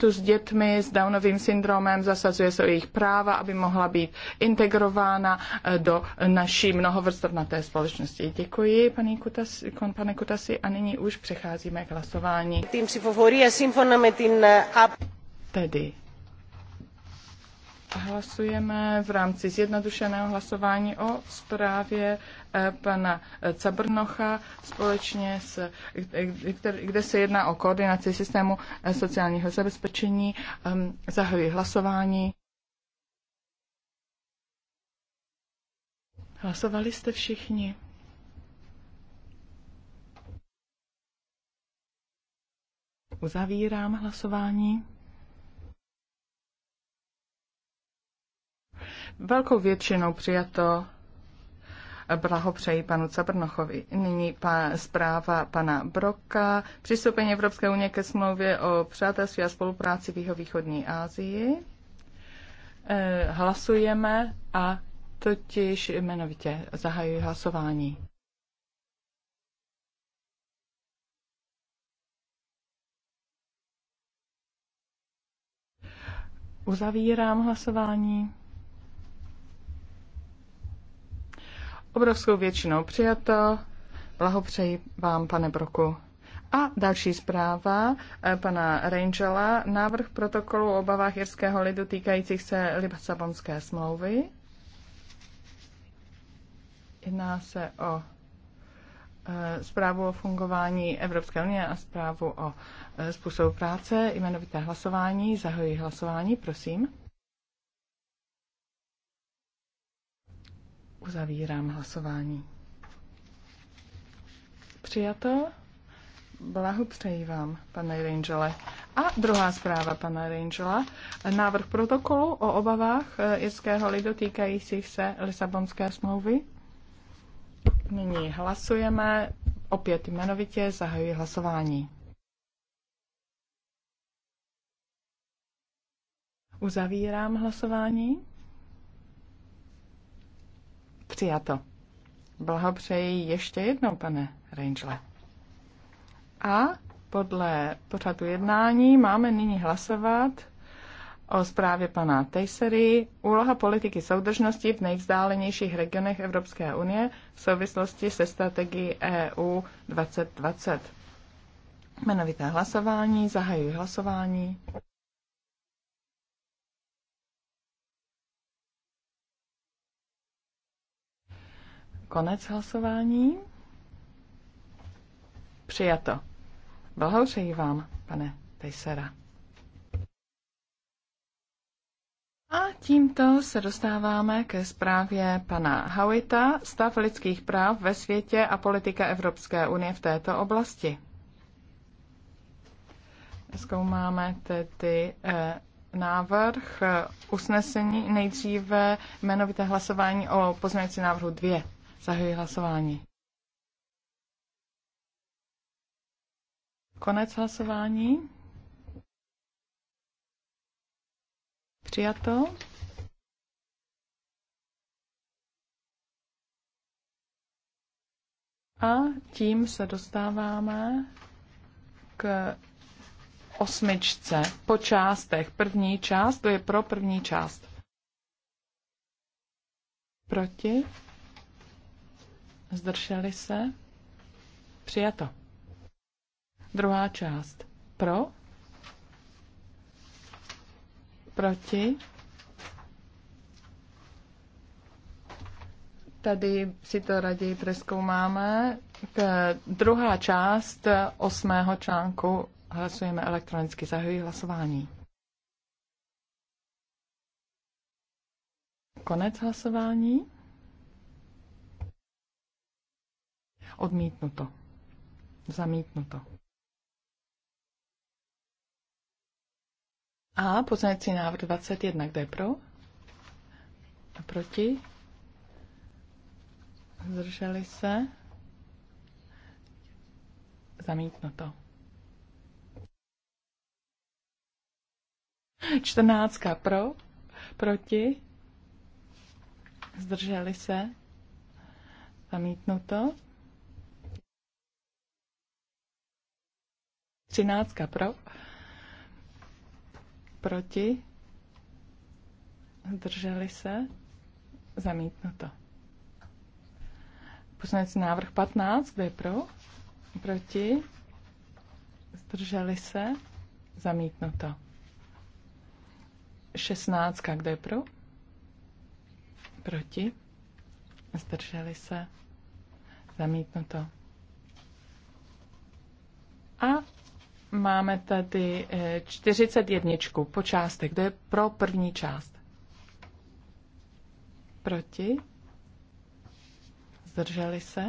kontaktu s dětmi s Downovým syndromem, zasazuje se o jejich práva, aby mohla být integrována eh, do naší mnohovrstovnaté společnosti. Děkuji, paní Kutasi, pane Kutasi, a nyní už přecházíme k hlasování. Eh, Tedy Hlasujeme v rámci zjednodušeného hlasování o zprávě eh, pana eh, Cabrnocha společně s, eh, kde se jedná o koordinaci systému sociálního zabezpečení. Ehm, zahajuji hlasování. Hlasovali jste všichni? Uzavírám hlasování. velkou většinou přijato. Blahopřeji panu Cabrnochovi. Nyní pa, zpráva pana Broka. Přistoupení Evropské unie ke smlouvě o přátelství a spolupráci v jihovýchodní Asii. Eh, hlasujeme a totiž jmenovitě zahajuji hlasování. Uzavírám hlasování. obrovskou většinou přijato. Blahopřeji vám, pane Broku. A další zpráva eh, pana Rangela. Návrh protokolu o obavách jirského lidu týkajících se Libasabonské smlouvy. Jedná se o eh, zprávu o fungování Evropské unie a zprávu o eh, způsobu práce, jmenovité hlasování. Zahojí hlasování, prosím. Uzavírám hlasování. Přijato? Blahopřeji vám, pane Rangele. A druhá zpráva pana Rangela. Návrh protokolu o obavách eh, irského lidu týkajících se Lisabonské smlouvy. Nyní hlasujeme. Opět jmenovitě zahajuji hlasování. Uzavírám hlasování. Přijato. Blahopřeji ještě jednou, pane Rangele. A podle pořadu jednání máme nyní hlasovat o zprávě pana Tejsery úloha politiky soudržnosti v nejvzdálenějších regionech Evropské unie v souvislosti se strategií EU 2020. Jmenovité hlasování, zahajuji hlasování. Konec hlasování. Přijato. Blahopřeji vám, pane Tejsera. A tímto se dostáváme ke zprávě pana Hawita, stav lidských práv ve světě a politika Evropské unie v této oblasti. Zkoumáme tedy eh, návrh eh, usnesení nejdříve jmenovité hlasování o pozměňovacím návrhu 2. Zahajuji hlasování. Konec hlasování. Přijato. A tím se dostáváme k osmičce po částech. První část, to je pro první část. Proti. Zdrželi se? Přijato. Druhá část. Pro? Proti? Tady si to raději preskoumáme. K druhá část osmého článku hlasujeme elektronicky. Zahajuji hlasování. Konec hlasování. Odmítnuto. Zamítnuto. A poznací návrh 21, kde je pro? A proti? Zdrželi se? Zamítnuto. 14 pro, proti, zdrželi se, zamítnuto. 13 pro, proti, zdrželi se, zamítnuto. Poslanec návrh 15, kde je pro, proti, zdrželi se, zamítnuto. 16, kde je pro, proti, zdrželi se, zamítnuto. A Máme tady 41 eh, po částech. Kdo je pro první část? Proti? Zdrželi se?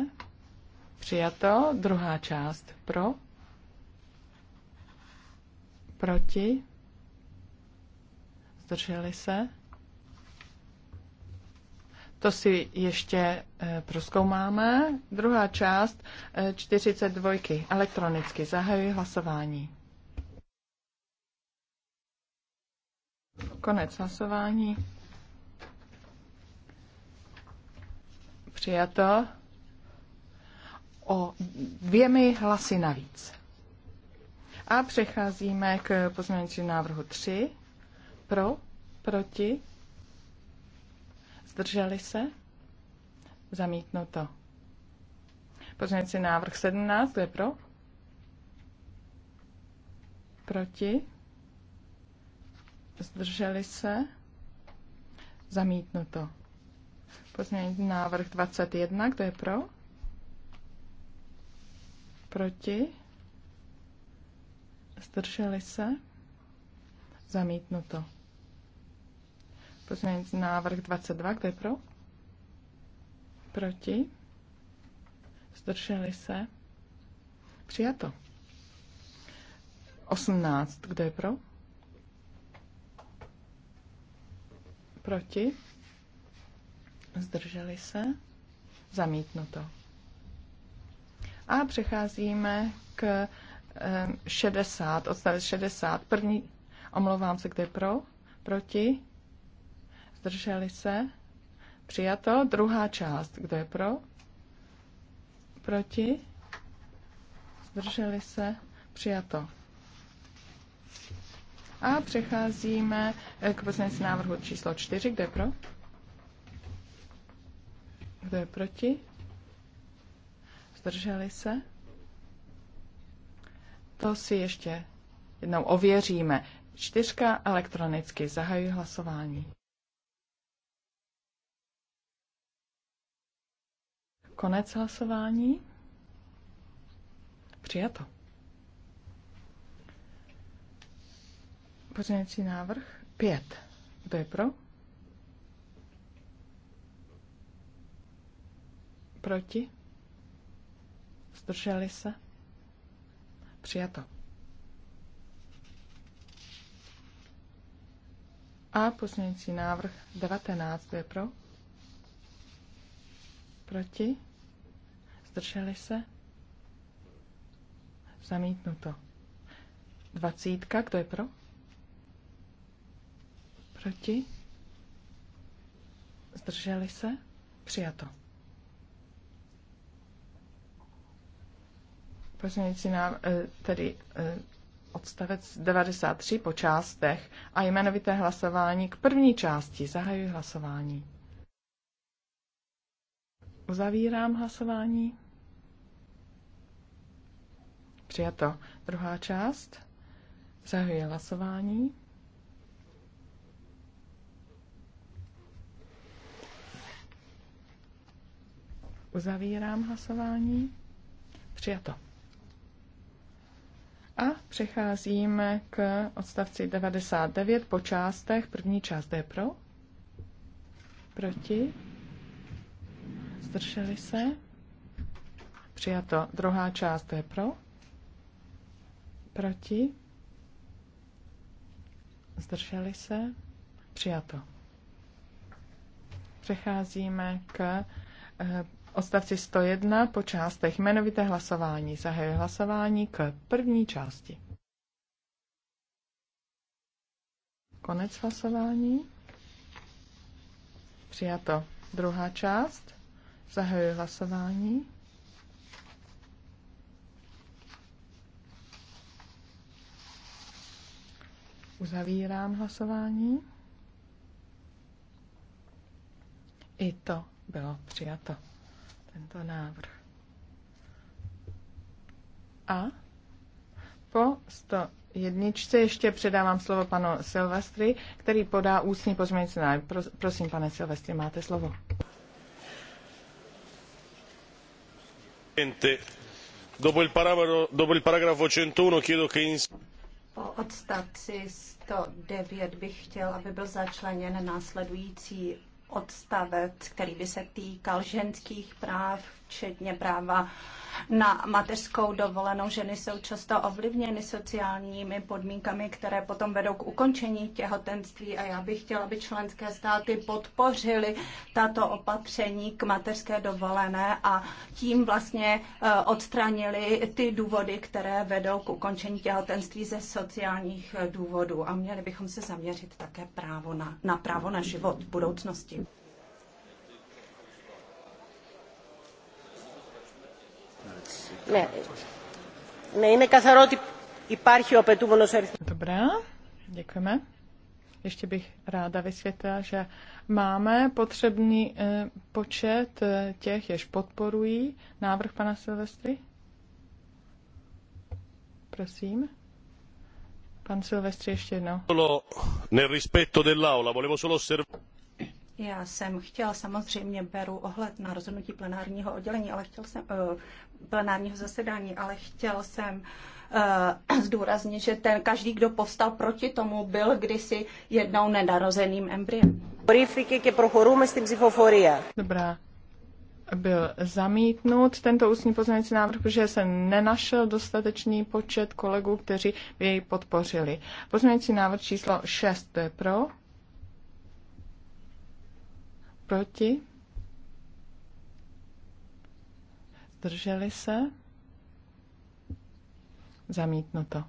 Přijato. Druhá část pro? Proti? Zdrželi se? To si ještě eh, proskoumáme. Druhá část 42. Eh, Elektronicky zahajuji hlasování. Konec hlasování. Přijato o dvěmi hlasy navíc. A přecházíme k pozměňovacímu návrhu 3. Pro, proti, Zdrželi se? Zamítnuto. Pozměňující návrh 17, kdo je pro? Proti? Zdrželi se? to. Pozměňující návrh 21, kdo je pro? Proti? Zdrželi se? to. Pozměňující návrh 22, kdo je pro? Proti? Zdrželi se? Přijato. 18, kdo je pro? Proti? Zdrželi se? Zamítnuto. A přecházíme k 60, eh, odstavec 60. První, omlouvám se, kde pro? Proti? Zdrželi se? Přijato. Druhá část. Kdo je pro? Proti? Zdrželi se? Přijato. A přecházíme eh, k poslednici návrhu číslo čtyři. Kdo je pro? Kdo je proti? Zdrželi se? To si ještě jednou ověříme. Čtyřka elektronicky. Zahajuji hlasování. Konec hlasování. Přijato. Pořádnější návrh 5. Kdo je pro? Proti? Zdrželi se? Přijato. A pozměňující návrh 19 je pro? Proti? Zdrželi se? zamítnu to Dvacítka, kdo je pro? Proti? Zdrželi se? Přijato. Pozměňující nám eh, tedy eh, odstavec 93 po částech a jmenovité hlasování k první části. Zahajuji hlasování. Uzavírám hlasování. Přijato. Druhá část. Zahajuji hlasování. Uzavírám hlasování. Přijato. A přecházíme k odstavci 99 po částech. První část je pro. Proti. Zdrželi se. Přijato. Druhá část je pro. Proti? Zdrželi se? Přijato. Přecházíme k eh, odstavci 101 po částech jmenovité hlasování. Zahajuje hlasování k první části. Konec hlasování. Přijato. Druhá část. Zahajuje hlasování. Uzavírám hlasování. I to bylo přijato, tento návrh. A po 101 ještě předávám slovo panu Silvestri, který podá ústní pozměňující návrh. Prosím, pane Silvestri, máte slovo. Dopo il paragrafo 101 chiedo che in po odstavci 109 bych chtěl, aby byl začleněn následující odstavec, který by se týkal ženských práv včetně práva na mateřskou dovolenou. Ženy jsou často ovlivněny sociálními podmínkami, které potom vedou k ukončení těhotenství a já bych chtěla, aby členské státy podpořily tato opatření k mateřské dovolené a tím vlastně eh, odstranili ty důvody, které vedou k ukončení těhotenství ze sociálních eh, důvodů a měli bychom se zaměřit také právo na, na právo na život v budoucnosti. Ne. Ne, je kazaro, ty υπάρχει ο απαιτούμενος αριθμός. Dobrá, děkujeme. Ještě bych ráda vysvětlila, že máme potřebný eh, počet eh, těch, jež podporují návrh pana Silvestry. Prosím. Pan Silvestri ještě jednou. Nel rispetto dell'aula, volevo solo osservare. Já jsem chtěl, samozřejmě beru ohled na rozhodnutí plenárního oddělení, ale chtěl jsem, eh, plenárního zasedání, ale chtěl jsem eh, zdůraznit, že ten každý, kdo povstal proti tomu, byl kdysi jednou nenarozeným embryem. Dobrá. Byl zamítnut tento ústní pozměňující návrh, protože se nenašel dostatečný počet kolegů, kteří by jej podpořili. Pozměňující návrh číslo 6 je pro, Proti? Zdrželi se? Zamítnuto.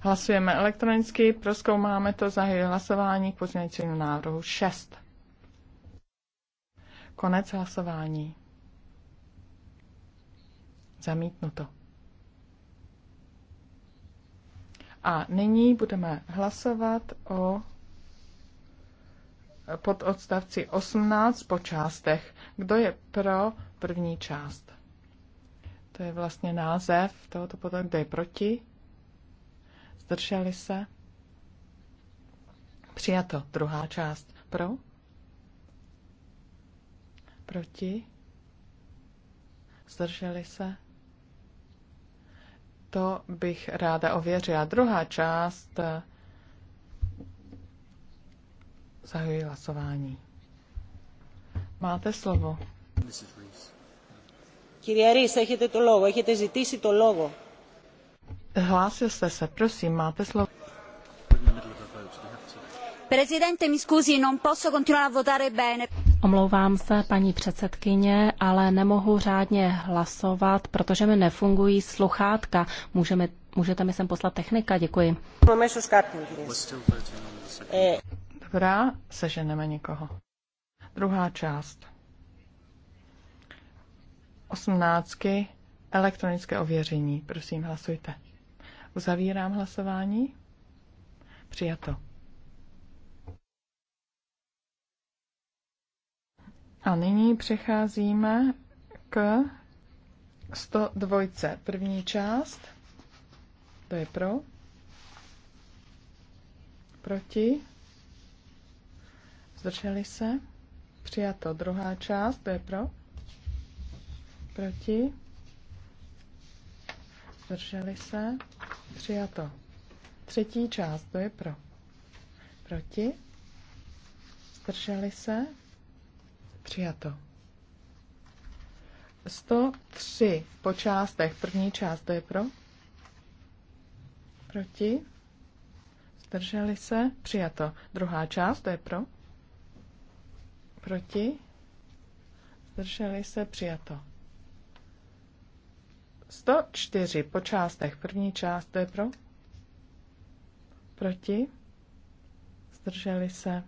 Hlasujeme elektronicky, proskoumáme to, za hlasování k pozměňovacímu návrhu 6. Konec hlasování. Zamítnuto. A nyní budeme hlasovat o pod odstavci 18 po částech. Kdo je pro první část? To je vlastně název tohoto poda. Kdo je proti? Zdrželi se? Přijato. Druhá část. Pro? Proti? Zdrželi se? to bych ráda ověřila. Druhá část zahajuji hlasování. Máte slovo. Κυρία Ρίς, έχετε το λόγο. Έχετε ζητήσει Hlásil jste se, prosím, máte slovo. Prezidente, mi scusi, non posso continuare a votare bene. Omlouvám se, paní předsedkyně, ale nemohu řádně hlasovat, protože mi nefungují sluchátka. Můžeme, můžete mi sem poslat technika? Děkuji. Eh. Dobrá, seženeme někoho. Druhá část. Osmnáctky, elektronické ověření. Prosím, hlasujte. Uzavírám hlasování. Přijato. A nyní přecházíme k 102. První část. To je pro. Proti. Zdrželi se. Přijato druhá část. To je pro. Proti. Zdrželi se. Přijato. Třetí část. To je pro. Proti. Zdrželi se. Přijato. 103 po částech. První část, to je pro? Proti? Zdrželi se? Přijato. Druhá část, to je pro? Proti? Zdrželi se? Přijato. 104 po částech. První část, to je pro? Proti? Zdrželi se?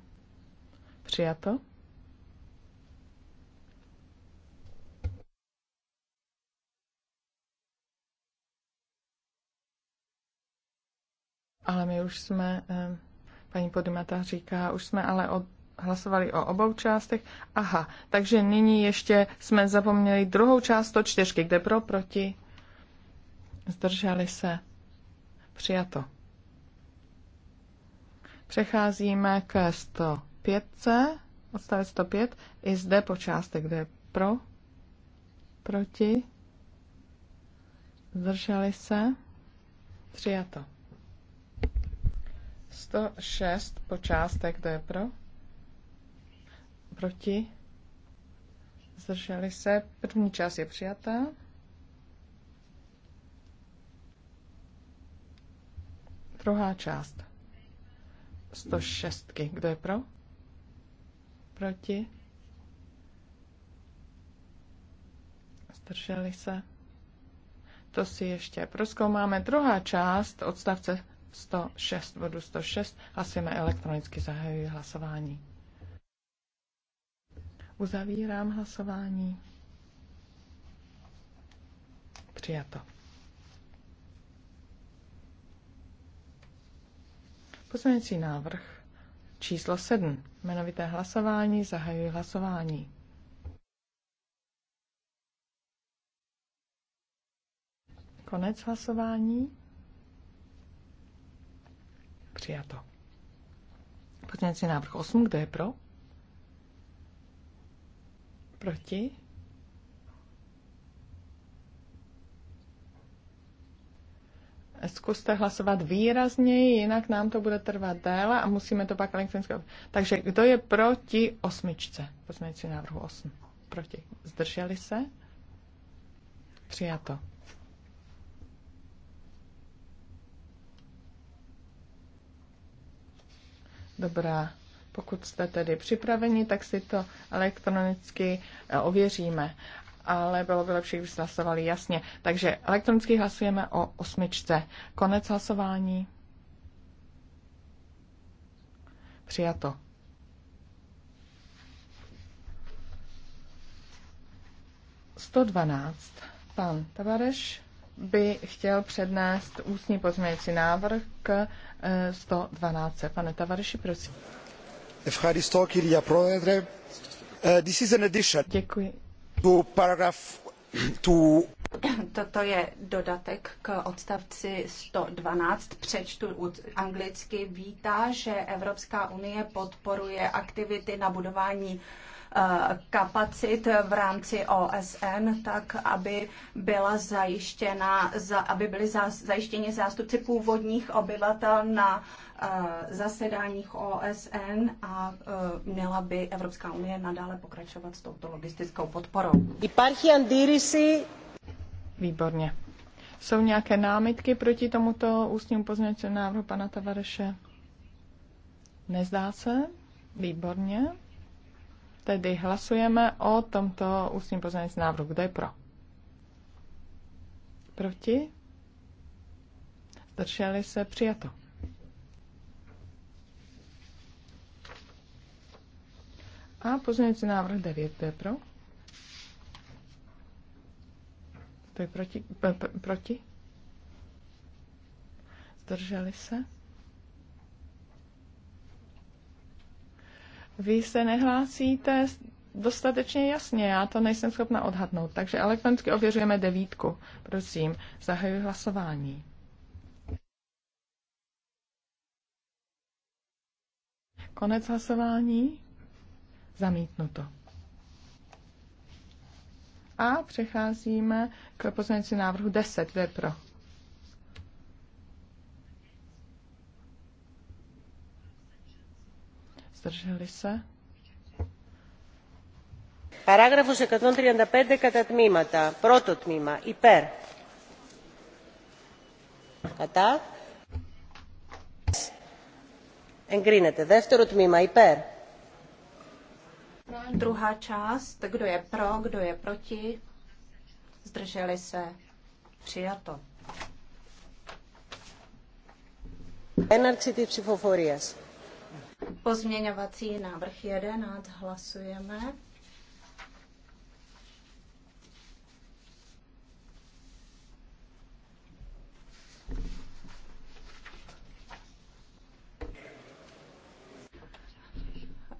Přijato. Ale my už jsme, eh, paní Podimata říká, už jsme ale od, hlasovali o obou částech. Aha, takže nyní ještě jsme zapomněli druhou část čtyřky, kde pro, proti, zdrželi se, přijato. Přecházíme k 105, odstavec 105, i zde po částech, kde pro, proti, zdrželi se, přijato. 106 po částech, kdo je pro? Proti? Zdrželi se. První část je přijatá. Druhá část. 106. Kdo je pro? Proti? Zdrželi se. To si ještě proskoumáme. Druhá část odstavce 106, vodu 106. Hlasujeme elektronicky, zahajuji hlasování. Uzavírám hlasování. Přijato. Poslanecí návrh číslo 7. Jmenovité hlasování, zahajuji hlasování. Konec hlasování. Přijato. Pozměňovací návrh 8, kdo je pro? Proti? Zkuste hlasovat výrazněji, jinak nám to bude trvat déle a musíme to pak elektronicky. Takže kdo je proti osmičce? si návrhu 8. Proti. Zdrželi se? Přijato. Dobrá, pokud jste tedy připraveni, tak si to elektronicky eh, ověříme. Ale bylo by lepší, kdybyste hlasovali jasně. Takže elektronicky hlasujeme o osmičce. Konec hlasování. Přijato. Sto dvanáct. Pan Tavareš by chtěl přednést ústní pozměňující návrh k 112. Eh, Pane Tavariši, prosím. Eh, this is an addition Děkuji. to paragraph to Toto je dodatek k odstavci 112, přečtu anglicky, vítá, že Evropská unie podporuje aktivity na budování Eh, kapacit v rámci OSN, tak aby byla zajištěna, aby byly zajištěni zástupci původních obyvatel na eh, zasedáních OSN a eh, měla by Evropská unie nadále pokračovat s touto logistickou podporou. Výborně. Jsou nějaké námitky proti tomuto ústnímu pozměňovacímu návrhu pana Tavareše? Nezdá se? Výborně tedy hlasujeme o tomto ústním pozměňovacím návrhu. Kdo je pro? Proti? Zdrželi se přijato. A pozměňovací návrh 9, kdo je pro? Kdo je proti? P- proti? Zdrželi se? Vy se nehlásíte dostatečně jasně, já to nejsem schopna odhadnout, takže elektronicky ověřujeme devítku. Prosím, zahajuji hlasování. Konec hlasování. Zamítnuto. A přecházíme k pozměnici návrhu 10. Kdo je pro? Zdrželi se? Παράγραφος 135 κατά τμήματα. Πρώτο τμήμα. Υπέρ. Κατά. Εγκρίνεται. Δεύτερο tmíma, Υπέρ. Druhá část. Kdo je pro, kdo je proti? Zdrželi se. Přijato. Έναρξη της ψηφοφορίας. Pozměňovací návrh 11 hlasujeme.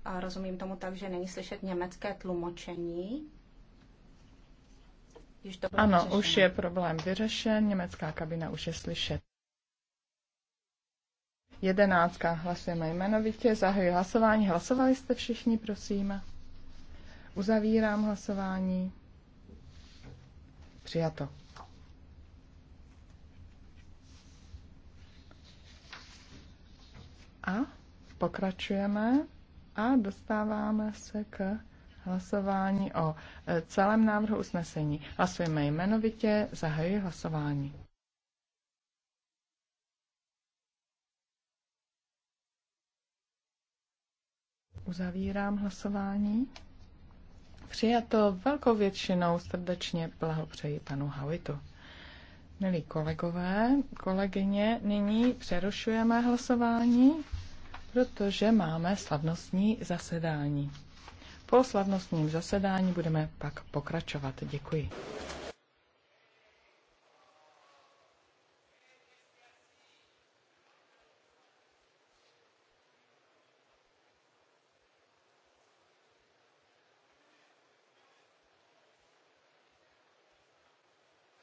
A rozumím tomu tak, že není slyšet německé tlumočení. to ano, už je problém vyřešen, německá kabina už je slyšet. Jedenáctka. Hlasujeme jmenovitě. Zahajuji hlasování. Hlasovali jste všichni, prosím. Uzavírám hlasování. Přijato. A pokračujeme a dostáváme se k hlasování o e, celém návrhu usnesení. Hlasujeme jmenovitě, zahajuji hlasování. Uzavírám hlasování. Přijato velkou většinou srdečně blahopřeji panu Hawitu. Milí kolegové, kolegyně, nyní přerušujeme hlasování, protože máme slavnostní zasedání. Po slavnostním zasedání budeme pak pokračovat. Děkuji.